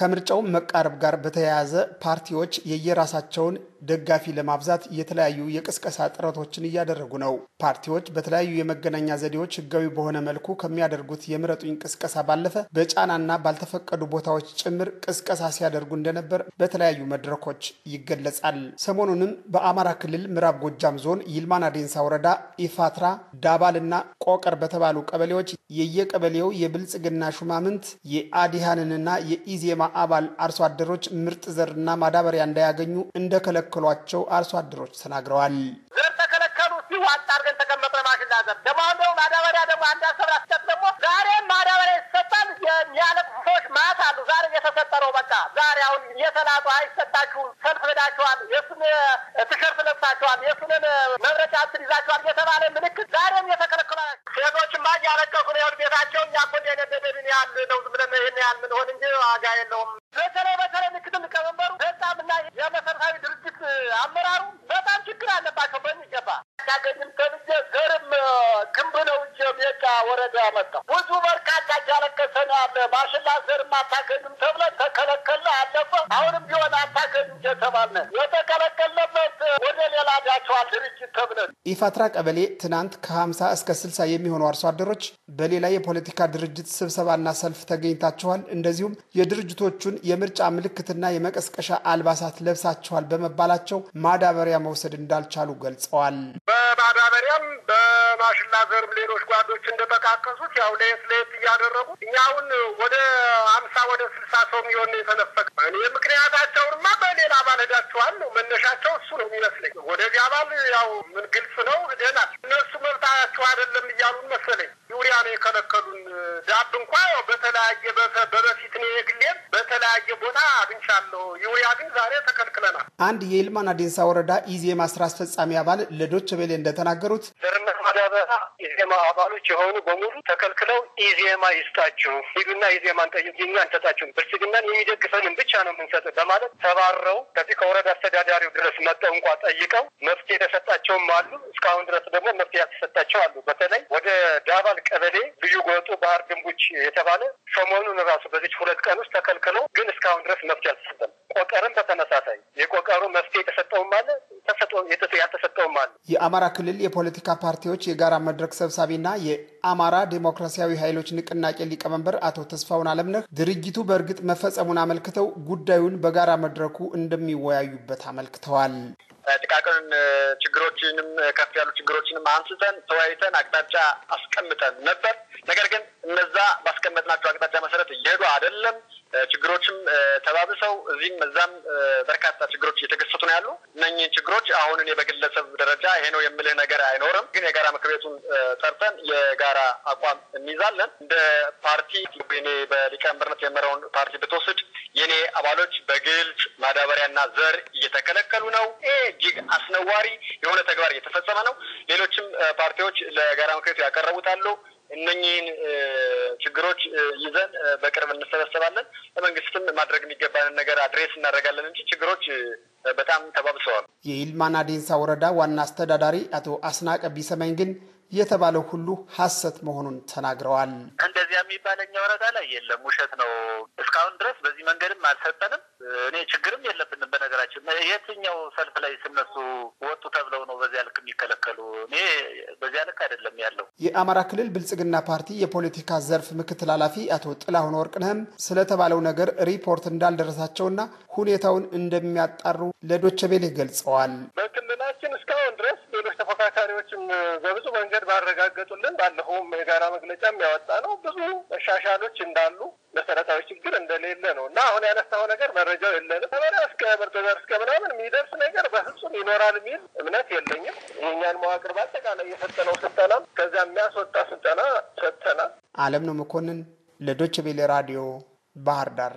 ከምርጫው መቃረብ ጋር በተያያዘ ፓርቲዎች የየራሳቸውን ደጋፊ ለማብዛት የተለያዩ የቅስቀሳ ጥረቶችን እያደረጉ ነው። ፓርቲዎች በተለያዩ የመገናኛ ዘዴዎች ሕጋዊ በሆነ መልኩ ከሚያደርጉት የምረጡኝ ቅስቀሳ ባለፈ በጫናና ባልተፈቀዱ ቦታዎች ጭምር ቅስቀሳ ሲያደርጉ እንደነበር በተለያዩ መድረኮች ይገለጻል። ሰሞኑንም በአማራ ክልል ምዕራብ ጎጃም ዞን ይልማና ዴንሳ ወረዳ ኢፋትራ፣ ዳባልና ቆቀር በተባሉ ቀበሌዎች የየቀበሌው የብልጽግና ሹማምንት የአዲሃንንና የኢዜማ አባል አርሶ አደሮች ምርጥ ዘርና ማዳበሪያ እንዳያገኙ እንደከለ እንደከለከሏቸው አርሶ አደሮች ተናግረዋል። ዘር ተከለከሉ ሲሁ አጣርገን ተቀመጠ ማሽላ ዘር ደግሞ አሁን ደግሞ ማዳበሪያ ደግሞ አንድ ደግሞ ዛሬም ማዳበሪያ ይሰጣል። ሰዎች ማት አሉ። ዛሬ እየተሰጠ ነው። በቃ ዛሬ አሁን እየተላጡ አይሰጣችሁም፣ ሰልፍ ሄዳችኋል፣ የሱን ትሸርት ለብሳችኋል፣ የሱንን መብረጫ ይዛችኋል እየተባለ ምልክት ዛሬም ሴቶችማ እያለቀሱ ነው። ቤታቸው እኛ እኮ ያህል ነው። ዝም ብለን ይህን ያህል ሆን እንጂ ዋጋ የለውም። በተለይ በተለይ ምክትል ሊቀመንበሩ በጣም እና የመሰረታዊ ድርጅት አመራሩ በጣም ችግር አለባቸው። በሚገባ ታገኝም ተብዬ ዘርም ግንብ ነው እንጂ ሜጫ ወረዳ ያመጣው ብዙ በርካታ እያለቀሰ ነው ያለ ማሽላ ዘርም አታገኝም ተብለ ተከለከለ አለፈ። አሁንም ቢሆን አታገኙ እየተባለ ድርጅት ተብለን ኢፋትራ ቀበሌ ትናንት ከ50 እስከ 60 የሚሆኑ አርሶ አደሮች በሌላ የፖለቲካ ድርጅት ስብሰባና ሰልፍ ተገኝታችኋል፣ እንደዚሁም የድርጅቶቹን የምርጫ ምልክትና የመቀስቀሻ አልባሳት ለብሳችኋል በመባላቸው ማዳበሪያ መውሰድ እንዳልቻሉ ገልጸዋል። ማዳበሪያም በማሽላ ዘርም ሌሎች ጓዶች እንደጠቃቀሱት ያው ለየት ለየት እያደረጉ እኛውን ወደ አምሳ ወደ ስልሳ ሰው የሚሆን የተነፈቀ እኔ ምክንያታቸውንማ በሌላ ባልሄዳቸዋል መነሻቸው እሱ ነው የሚመስለኝ። ወደዚህ አባል ያው ምን ግልጽ ነው ሄደናል። እነሱ መብታችሁ አይደለም እያሉን መሰለኝ ዩሪያ ነው የከለከሉን። ዳብ እንኳ በተለያየ በበፊት ነው የግሌም በተለያየ ቦታ አግኝቻለሁ። ዩሪያ ግን ዛሬ ተከልክለናል። አንድ የይልማና ዴንሳ ወረዳ ኢዜማ ስራ አስፈጻሚ አባል ለዶች ቤሌ እንደተናገሩት ዘርነት ማዳበሪያ ኢዜማ አባሎች የሆኑ በሙሉ ተከልክለው ኢዜማ ይስጣችሁ ሂዱና ኢዜማን ጠይቁ፣ እኛ ብልጽግናን የሚደግፈንን ብቻ ነው የምንሰጥ በማለት ተባረው ከዚህ ከወረዳ አስተዳዳሪው ድረስ መጠው እንኳ ጠይቀው መፍትሄ የተሰጣቸውም አሉ። እስካሁን ድረስ ደግሞ መፍትሄ ያልተሰጣቸው አሉ። በተለይ ወደ ዳባል ቀበሌ ልዩ ጎጡ ባህር ድንቡች የተባለ ሰሞኑን ራሱ በዚች ሁለት ቀን ውስጥ ተከልክለው ግን እስካሁን ድረስ መፍትሄ አልተሰጠም። ቆቀርም በተመሳሳይ የቆቀሩ መፍትሄ የተሰጠውም አለ ያልተሰጠውም አለ። የአማራ ክልል የፖለቲካ ፓርቲዎች የጋራ መድረክ ሰብሳቢና የአማራ ዴሞክራሲያዊ ኃይሎች ንቅናቄ ሊቀመንበር አቶ ተስፋውን አለምነህ ድርጅቱ በእርግጥ መፈጸሙን አመልክተው ጉዳዩን በጋራ መድረኩ እንደሚወያዩበት አመልክተዋል። ጥቃቅን ችግሮችንም ከፍ ያሉ ችግሮችንም አንስተን ተወያይተን አቅጣጫ አስቀምጠን ነበር። ነገር ግን እነዛ ባስቀመጥናቸው አቅጣጫ መሰረት እየሄዱ አይደለም። ችግሮችም ተባብሰው እዚህም እዛም በርካታ ችግሮች እየተገሰቱ ነው ያሉ። እነኚህ ችግሮች አሁን እኔ በግለሰብ ደረጃ ይሄ ነው የምልህ ነገር አይኖርም። ግን የጋራ ምክር ቤቱን ጠርተን የጋራ አቋም እንይዛለን። እንደ ፓርቲ እኔ በሊቀመንበርነት የመራውን ፓርቲ ብትወስድ የኔ አባሎች በግል ማዳበሪያና ዘር እየተከለከሉ ነው። ይሄ እጅግ አስነዋሪ የሆነ ተግባር እየተፈጸመ ነው። ሌሎችም ፓርቲዎች ለጋራ ምክር ቤቱ ያቀረቡት አሉ። እነኚህን ችግሮች ይዘን በቅርብ እንሰበሰባለን። ለመንግስትም ማድረግ የሚገባንን ነገር አድሬስ እናደርጋለን እንጂ ችግሮች በጣም ተባብሰዋል። የኢልማና ዴንሳ ወረዳ ዋና አስተዳዳሪ አቶ አስናቀ ቢሰማኝ ግን የተባለው ሁሉ ሀሰት መሆኑን ተናግረዋል። የሚባለኛ ወረዳ ላይ የለም። ውሸት ነው። እስካሁን ድረስ በዚህ መንገድም አልሰጠንም። እኔ ችግርም የለብንም። በነገራችን የትኛው ሰልፍ ላይ ስነሱ ወጡ ተብለው ነው በዚያ ልክ የሚከለከሉ? እኔ በዚያ ልክ አይደለም ያለው። የአማራ ክልል ብልጽግና ፓርቲ የፖለቲካ ዘርፍ ምክትል ኃላፊ አቶ ጥላሁን ወርቅነህም ስለተባለው ነገር ሪፖርት እንዳልደረሳቸውና ሁኔታውን እንደሚያጣሩ ለዶቸቤሌ ገልጸዋል። በክልላችን እስካሁን ድረስ ሌሎች ተፎካካሪዎችም በብዙ መንገድ ባረጋገጡልን ባለፈውም የጋራ መግለጫ የሚያወጣ ነው ብዙ መሻሻሎች እንዳሉ መሰረታዊ ችግር እንደሌለ ነው እና አሁን ያነሳው ነገር መረጃው የለንም ተመሪያ እስከ ዘር እስከ ምናምን የሚደርስ ነገር በፍጹም ይኖራል የሚል እምነት የለኝም። የእኛን መዋቅር በአጠቃላይ የሰጠነው ስልጠና ከዚያ የሚያስወጣ ስልጠና ሰጥተናል። አለም ነው መኮንን ለዶች ራዲዮ ባህር ዳር